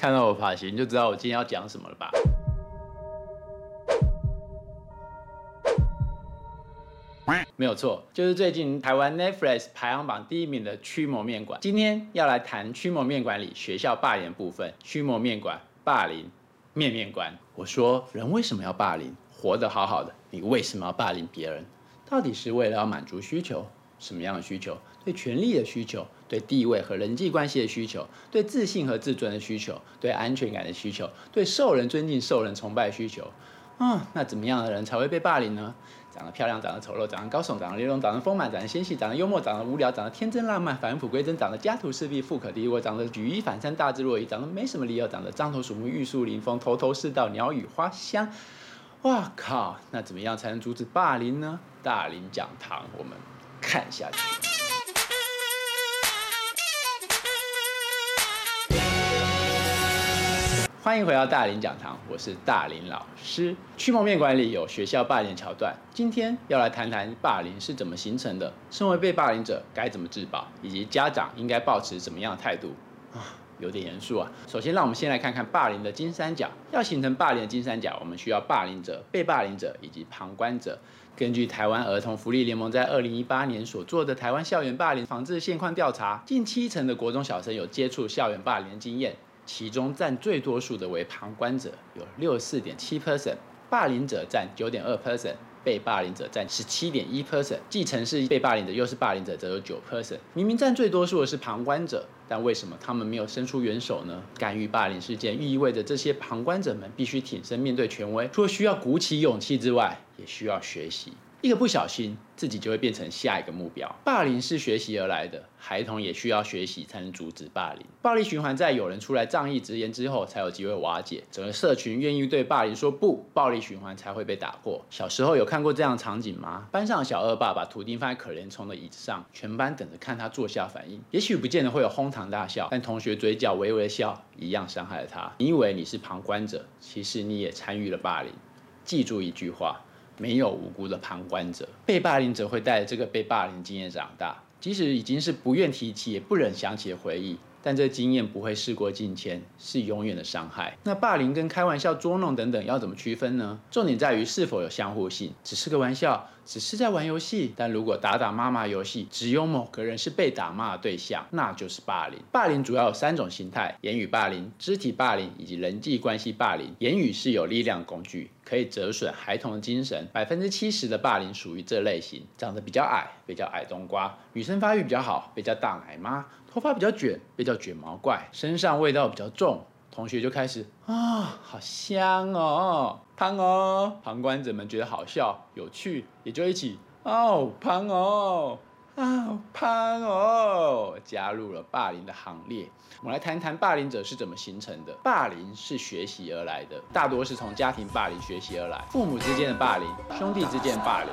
看到我髮型就知道我今天要講什麼了吧？沒有錯，就是最近台灣 Netflix 排行榜第一名的《驅魔麵館》。今天要來談《驅魔麵館》裡學校霸凌部分，《驅魔麵館》霸凌面面觀。我說人為什麼要霸凌？活得好好的，你為什麼要霸凌別人？到底是為了要滿足需求？什麼樣的需求？對權力的需求，對地位和人際關係的需求，對自信和自尊的需求，對安全感的需求，對受人尊敬、受人崇拜需求。啊、哦，那怎麼樣的人才會被霸凌呢？長得漂亮，長得醜陋，長得高聳，長得玲瓏，長得豐滿，長得纖細，長得幽默，長得無聊，長得天真爛漫，返璞歸真，長得家徒四壁、富可敵國，長得舉一反三、大智若愚，長得沒什麼理由，長得獐頭鼠目、玉樹臨風、頭頭是道、鳥語花香。哇靠！那怎麼樣才能阻止霸凌呢？大林講堂，我們看下去。歡迎回到大林講堂，我是大林老師。《驅魔麵館》裡有學校霸凌橋段，今天要來談談霸凌是怎麼形成的，身為被霸凌者該怎麼自保，以及家長應該抱持怎麼樣的態度啊？有點嚴肅啊。首先，讓我們先來看看霸凌的金三角。要形成霸凌的金三角，我們需要霸凌者、被霸凌者以及旁觀者。根據台灣兒童福利聯盟在2018年所做的台灣校園霸凌防治現況調查，近七成的國中小生有接觸校園霸凌經驗。其中佔最多數的為旁觀者，有六十四點七 percent；霸凌者佔九點二 percent；被霸凌者佔十七點一 percent；既曾是被霸凌者又是霸凌者，則有九 percent。明明佔最多數的是旁觀者，但為什麼他們沒有伸出援手呢？干預霸凌事件，意味着這些旁觀者們必須挺身面對權威，除了需要鼓起勇氣之外，也需要學習。一個不小心，自己就會變成下一個目標。霸凌是學習而來的，孩童也需要學習才能阻止霸凌。暴力循環在有人出來仗義執言之後，才有機會瓦解。整個社群願意對霸凌說不，暴力循環才會被打破。小時候有看過這樣的場景嗎？班上小惡霸把圖釘放在可憐蟲的椅子上，全班等着看他坐下反應。也許不見得會有哄堂大笑，但同學嘴角微微笑，一樣傷害了他。你以為你是旁觀者，其實你也參與了霸凌。記住一句話。沒有無辜的旁觀者，被霸凌者會帶着這個被霸凌經驗長大，即使已經是不願提起、也不忍想起的回憶，但這經驗不會事過境遷，是永遠的傷害。那霸凌跟開玩笑、捉弄等等要怎麼區分呢？重點在於是否有相互性，只是個玩笑。只是在玩遊戲，但如果打打罵罵遊戲，只有某個人是被打罵的對象，那就是霸凌。霸凌主要有三種形態：言語霸凌、肢體霸凌以及人際關係霸凌。言語是有力量工具，可以折損孩童的精神。百分之七十的霸凌屬於這類型。長得比較矮，被叫矮冬瓜；女生發育比較好，被叫大奶媽；頭髮比較捲，被叫捲毛怪；身上味道比較重，同學就開始啊，哦，好香哦。胖哦，旁觀者們覺得好笑、有趣，也就一起哦。胖哦，啊胖哦，加入了霸凌的行列。我們來談一談霸凌者是怎麼形成的。霸凌是學習而來的，大多是從家庭霸凌學習而來，父母之間的霸凌，兄弟之間霸凌。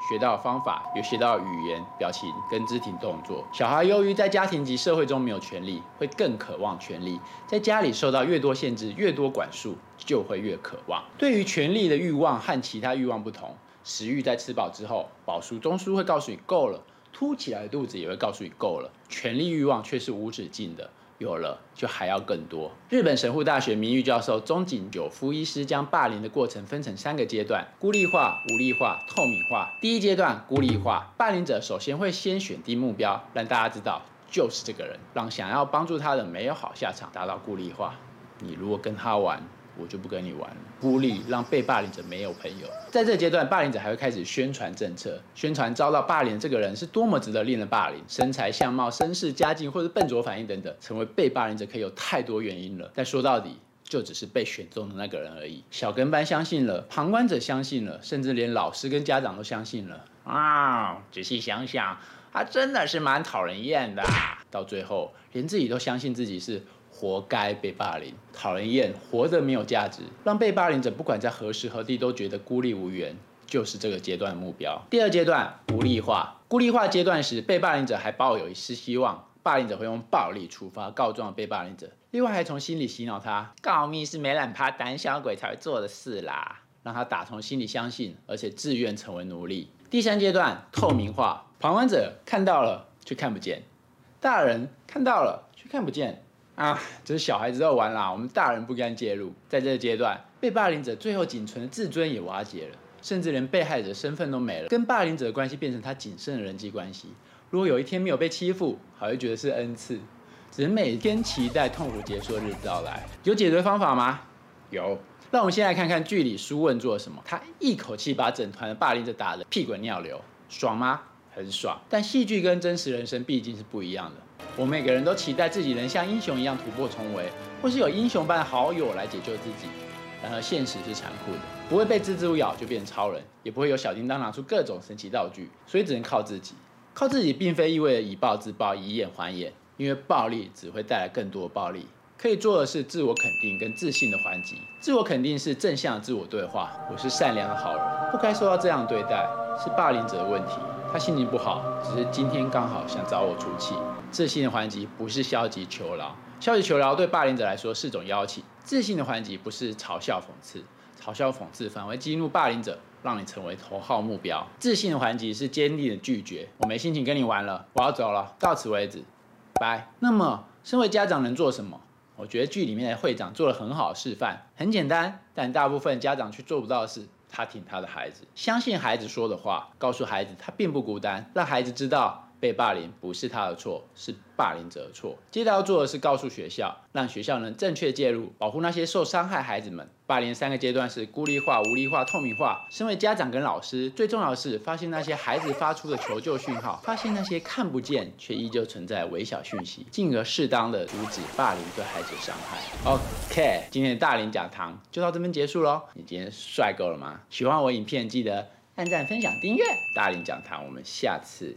學到方法，有：學到語言、表情跟肢體動作。小孩由於在家庭及社會中沒有權利，會更渴望權利。在家裡受到越多限制、越多管束，就會越渴望。對於權力的慾望和其他慾望不同，食慾在吃飽之後，飽足中樞會告訴你夠了，凸起來的肚子也會告訴你夠了。權力慾望卻是無止境的。有了，就還要更多。日本神戶大學名譽教授中井久夫醫師將霸凌的過程分成三個階段：孤立化、無力化、透明化。第一階段，孤立化，霸凌者首先會先選定目標，讓大家知道就是這個人，讓想要幫助他的沒有好下場，達到孤立化。你如果跟他玩。我就不跟你玩了，孤立讓被霸凌者沒有朋友。在這階段，霸凌者還會開始宣傳政策，宣傳遭到霸凌這個人是多麼值得令人霸凌，身材、相貌、身世、家境，或是笨拙反應等等，成為被霸凌者可以有太多原因了。但說到底，就只是被選中的那個人而已。小跟班相信了，旁觀者相信了，甚至連老師跟家長都相信了啊！仔細想想，他真的是蠻討人厭的。啊。到最後，連自己都相信自己是。活該被霸凌，討人厭，活得沒有價值，讓被霸凌者不管在何時何地都覺得孤立無援，就是這個階段的目標。第二階段，無力化。孤立化階段時，被霸凌者還抱有一絲希望，霸凌者會用暴力處罰告狀被霸凌者，另外還從心裡洗腦他，告密是沒懶怕膽小鬼才會做的事啦，讓他打從心裡相信，而且自願成為奴隸。第三階段，透明化。旁觀者看到了卻看不見，大人看到了卻看不見。啊，這、就是小孩子在玩啦，我們大人不敢介入。在這個階段，被霸凌者最後僅存的自尊也瓦解了，甚至連被害者身份都沒了，跟霸凌者的關係變成他僅剩的人際關係。如果有一天沒有被欺負，好，會覺得是恩賜，只能每天期待痛苦結束日的到來。有解決方法嗎？有，讓我們先來看看劇裡蘇文做什麼。他一口氣把整團的霸凌者打得屁滾尿流，爽嗎？很爽。但戲劇跟真實人生畢竟是不一樣的。我們每個人都期待自己能像英雄一樣突破重圍，或是有英雄般的好友來解救自己。然而現實是殘酷的，不會被蜘蛛咬就變超人，也不會有小叮當拿出各種神奇道具，所以只能靠自己。靠自己並非意味着以暴制暴、以眼還眼，因為暴力只會帶來更多暴力。可以做的是自我肯定跟自信的還擊。自我肯定是正向的自我對話：我是善良的好人，不該受到這樣對待，是霸凌者的問題。他心情不好，只是今天剛好想找我出氣。自信的還擊不是消極求饒，消極求饒對霸凌者來說是種邀請。自信的還擊不是嘲笑諷刺，嘲笑諷刺反而激怒霸凌者，讓你成為頭號目標。自信的還擊是堅定的拒絕，我沒心情跟你玩了，我要走了，到此為止，拜。那麼，身為家長能做什麼？我覺得劇裡面的會長做了很好的示範，很簡單，但大部分家長卻做不到的事。他挺他的孩子，相信孩子說的話，告訴孩子他並不孤單，讓孩子知道。被霸凌不是他的錯，是霸凌者的錯。接着要做的是告訴學校，讓學校能正確介入，保護那些受傷害孩子們。霸凌三個階段是孤立化、無力化、透明化。身為家長跟老師，最重要的是發現那些孩子發出的求救訊號，發現那些看不見卻依舊存在微小訊息，進而適當的阻止霸凌對孩子傷害。OK，今天的大林講堂就到這邊結束嘍。你今天帥夠了嗎？喜歡我影片記得按讚、分享、訂閱。大林講堂，我們下次。